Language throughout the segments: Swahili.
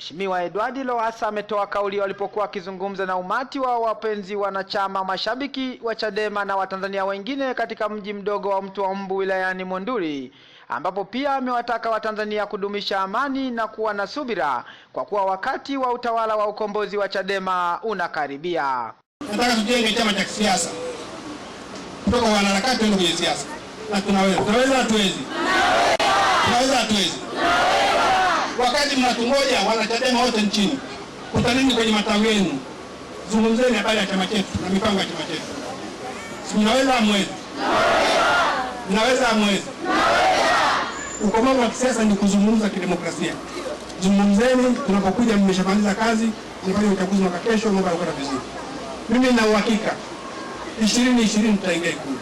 Mheshimiwa Edward Lowassa ametoa kauli walipokuwa wakizungumza na umati wa wapenzi, wanachama, mashabiki wa Chadema na Watanzania wengine katika mji mdogo wa wa Mbu wilayani Monduli, ambapo pia amewataka Watanzania kudumisha amani na kuwa na subira kwa kuwa wakati wa utawala wa ukombozi wa Chadema unakaribia. Nataka tujenge chama cha kisiasa kutoka wanaharakati kwenye siasa, na tunaweza tunaweza, hatuwezi Ninyi mnatungoja wanachadema wote nchini, kutanini kwenye matawi yenu, zungumzeni habari ya chama chetu na mipango ya chama chetu. Mnaweza amwezi? Mnaweza amwezi? Ukomavu wa kisiasa ni kuzungumza kidemokrasia. Zungumzeni tunapokuja, mmeshamaliza kazi, mnafanya uchaguzi mwaka kesho, mambo yanakwenda vizuri. Mimi nina uhakika ishirini ishirini tutaingia Ikulu.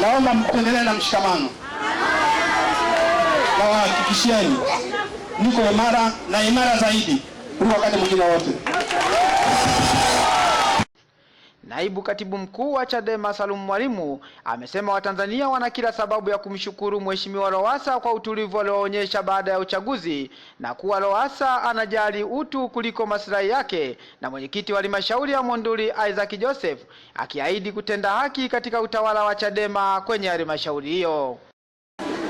Naomba mtendelee na mshikamano nawahakikishieni niko imara na imara zaidi kuliko wakati mwingine wote. Naibu katibu mkuu wa Chadema Salum Mwalimu amesema Watanzania wana kila sababu ya kumshukuru Mheshimiwa Lowassa kwa utulivu alioonyesha baada ya uchaguzi na kuwa Lowassa anajali utu kuliko maslahi yake, na mwenyekiti wa halmashauri ya Monduli Isaac Joseph akiahidi kutenda haki katika utawala wa Chadema kwenye halmashauri hiyo.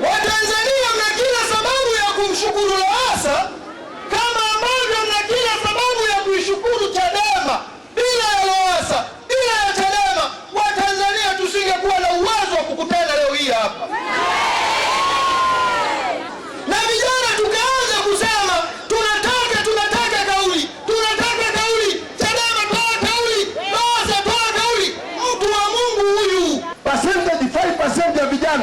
Watanzania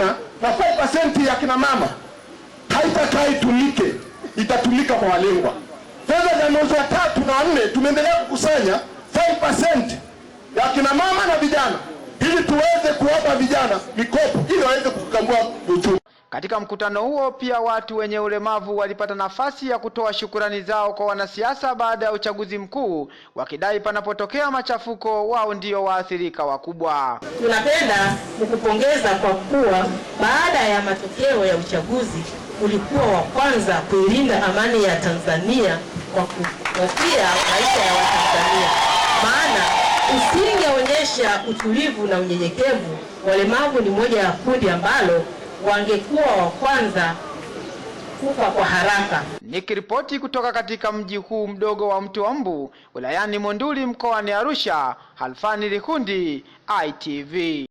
vijana na 5% ya kina mama haitakaa itumike, itatumika kwa walengwa. Fedha za mwezi wa tatu na nne tumeendelea kukusanya 5% ya kina mama na vijana, ili tuweze kuwapa vijana mikopo ili waweze kukambua uchumi. Katika mkutano huo pia watu wenye ulemavu walipata nafasi ya kutoa shukurani zao kwa wanasiasa baada ya uchaguzi mkuu, wakidai panapotokea machafuko wao ndio waathirika wakubwa. Tunapenda kukupongeza kwa kuwa baada ya matokeo ya uchaguzi ulikuwa wa kwanza kuilinda amani ya Tanzania kwa kuhofia maisha ya Watanzania, maana usingeonyesha utulivu na unyenyekevu, walemavu ni moja ya kundi ambalo wangekuwa wa kwanza kufa kwa haraka. Nikiripoti kutoka katika mji huu mdogo wa wa mbu wilayani Monduli mkoani Arusha, Halfani Likundi, ITV.